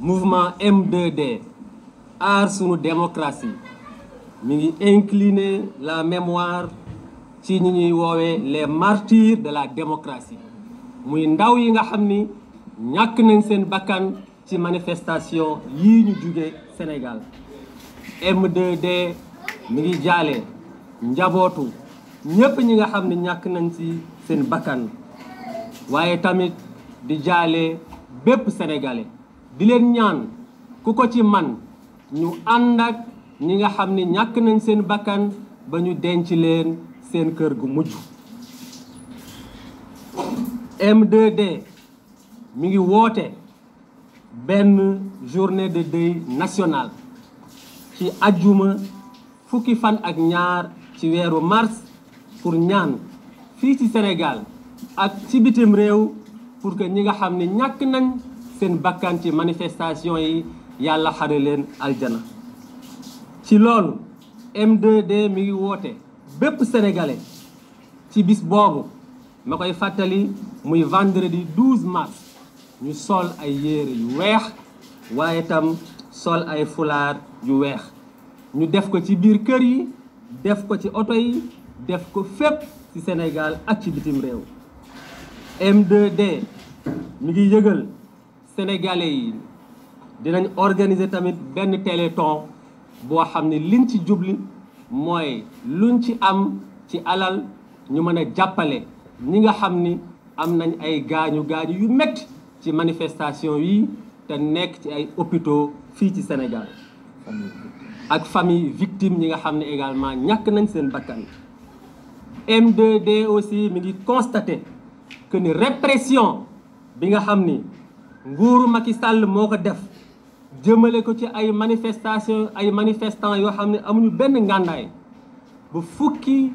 mouvement M2D aar sunu démocratie mi ngi incliner la mémoire ci ñi ñuy woowee les martyrs de la démocratie muy ndaw yi nga xam ni ñàkk nañ seen bakkan ci manifestation yii ñu jóge Sénégal mdd mi ngi jaale njabootu ñépp ñi nga xam ni ñàkk nañ ci seen bakkan waaye tamit di jaale bépp sénégalais di ñaan ku ko ci man ñu ànd ak ñi nga xam ni ñàkk nañ seen bakkan ba ñu denc leen seen kër gu mujj mdd 2 mi ngi woote benn journée de deuil national ci ajjuma fukki fan ak ñaar ci weeru mars pour ñaan fii ci Sénégal ak ci bitim réew pour que ñi nga xam ne ñàkk nañ seen bakkan ci manifestation yi yàlla xare leen aljana ci loolu m d mi ngi woote bépp sénégalais ci bis boobu ma koy fàttali muy vendredi 12 mars ñu sol ay yére yu weex waaye tam sol ay fulaar yu weex ñu def ko ci biir kër yi def ko ci oto yi def ko fépp ci Sénégal ak ci bitim réew m mi ngi yëgal sénégalais yi dinañ organiser tamit benn téléthon boo xam ne liñ ci jubli mooy luñ ci am ci alal ñu mën a jàppale ñi nga xam ni am nañ ay gaañu gaañu yu métti ci manifestation yi te nekk ci ay hôpitaux fii ci Sénégal ak famille victime ñi nga xam ne également ñàkk nañ seen bakkan m aussi mi ngi constaté que ni répression bi nga xam ni nguuru Macky sàll moo ko def jëmmale ko ci ay manifestation ay manifestant yoo xam ne amuñu benn ngàndaay bu fukki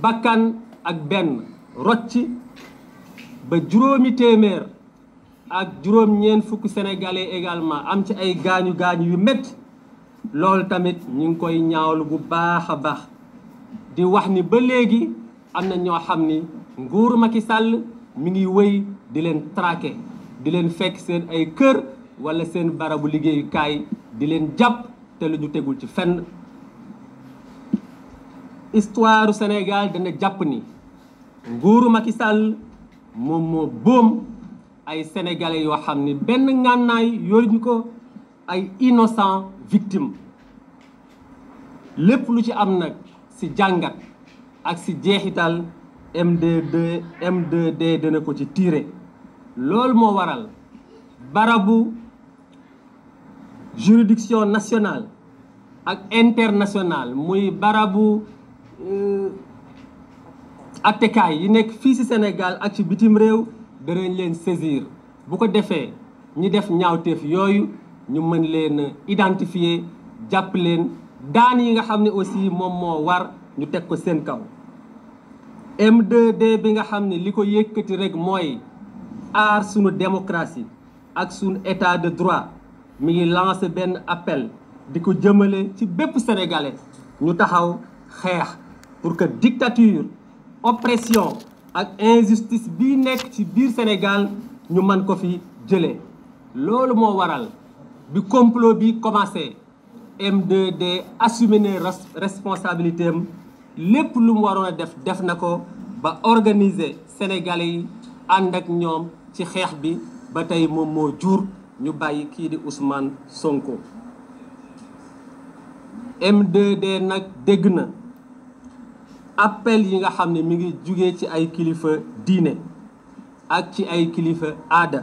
bakkan ak benn rocc ba juróomi téeméer ak juróom ñeen fukki sénégalais également am ci ay gaañu gaañu yu métti loolu tamit ñu ngi koy ñaawlu bu baax a baax di wax ni ba léegi am na ñoo xam ni nguuru Macky sàll mi ngi wéy di leen traqué di leen fekk seen ay kër wala seen barabu liggéeyukaay di leen jàpp te lu ñu tegul ci fenn histoire Sénégal dana jàpp ni nguuru Macky Sall moom moo boom ay sénégalais yoo xam ni benn ngànnaay yooyu ñu ko ay innocent victime lépp lu ci am nag ci jàngat ak ci jeexital m dana ko ci tiire loolu moo waral barabu juridiction national ak international muy barabu euh, attekaay yi nekk fii ci Sénégal ak ci bitim réew danañ leen saisir bu ko defee ñi def ñaawteef yooyu ñu mën leen identifier jàpp leen daan yi nga xam ne aussi moom moo war ñu teg ko seen kaw m bi nga xam ne li ko yëkkati rek mooy aar sunu démocratie ak sunu état de droit mi ngi lancé benn appel di ko jëmale ci bépp sénégalais ñu taxaw xeex pour que dictature oppression ak injustice bii nekk ci biir Sénégal ñu man ko fi jëlee loolu moo waral bi complot bi commencé M2D assumer ne responsabilité lépp lum mu def def na ko ba organiser sénégalais yi ànd ak ñoom ci xeex bi ba tey moom moo jur ñu bàyyi kii di Ousmane Sonko mdd nag dégg na appel yi nga xam ne mi ngi jugee ci ay kilifa diine ak ci ay kilifa aada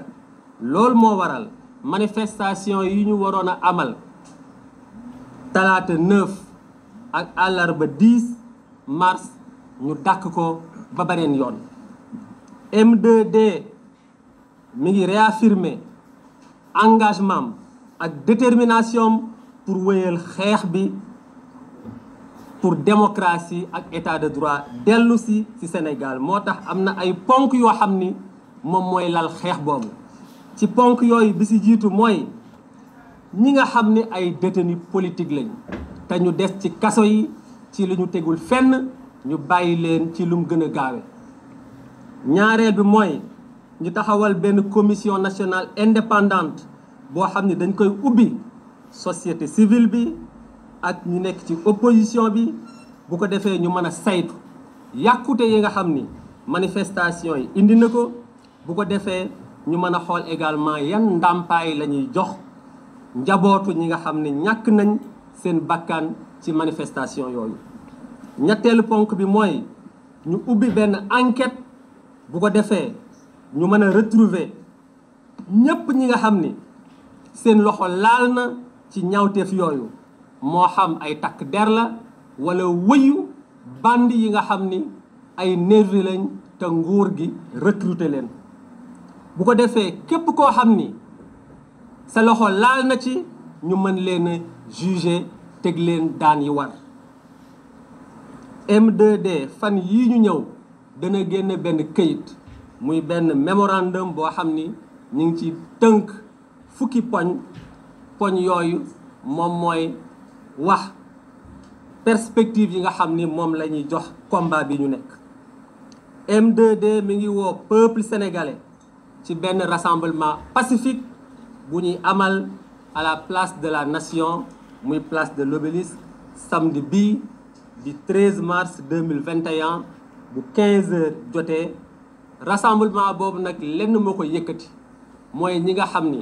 lool moo waral manifestation yi ñu waroon a amal talaata 9 ak àllarba 10 mars ñu dàkk ko ba beneen yoon m mi ngi réaffirmer engagement ak détermination pour wéyal xeex bi pour démocratie ak état de droit dellusi si ci Sénégal moo tax am na ay ponk yoo xam ni moom mooy lal xeex boobu ci ponk yooyu bi ci jiitu mooy ñi nga xam ni ay détenus politique lañu te ñu des ci kaso yi ci lu ñu tegul fenn ñu bàyyi leen ci lum gën a gaawe ñaareel bi mooy ñu taxawal benn commission nationale indépendante boo xam ne dañ koy ubbi société civile bi ak ñu nekk ci opposition bi bu ko defee ñu mën a saytu yàqute yi nga xam ni manifestation yi indi na ko bu ko defee ñu mën a xool également yan ndàmpaay la ñuy jox njabootu ñi nga xam ni ñàkk nañ seen bakkan ci manifestation yooyu ñetteelu ponk bi mooy ñu ubbi benn enquête bu ko defee ñu mën a retrouver ñépp ñi nga xam ni seen loxo laal na ci ñaawteef yooyu moo xam ay takk der la wala wëyu bandi yi nga xam ni ay nervi lañ te nguur gi recruter leen bu ko defee képp koo xam ni sa loxo laal na ci ñu mën leen a juger teg leen daan yi war m fan yii ñu ñëw dana génn benn kayit muy benn mémorandum boo xam ni ñu ngi ci tënk fukki poñ poñ yooyu moom mooy wax perspective yi nga xam ni moom la ñuy jox combat bi ñu nekk m 2 mi ngi woo peuple sénégalais ci benn rassemblement pacifique bu ñuy amal à la place de la nation muy place de l'obélisque samedi bi di 13 mars 2021 bu 15 heures jotee rassemblement boobu nag lenn moo ko yëkkati mooy ñi nga xam ni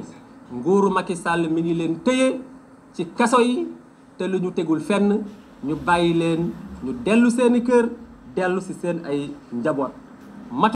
nguuru Macky Sall mi ngi leen tëye ci kaso yi te lu ñu tegul fenn ñu bàyyi leen ñu dellu seeni kër dellu si seen ay njaboot.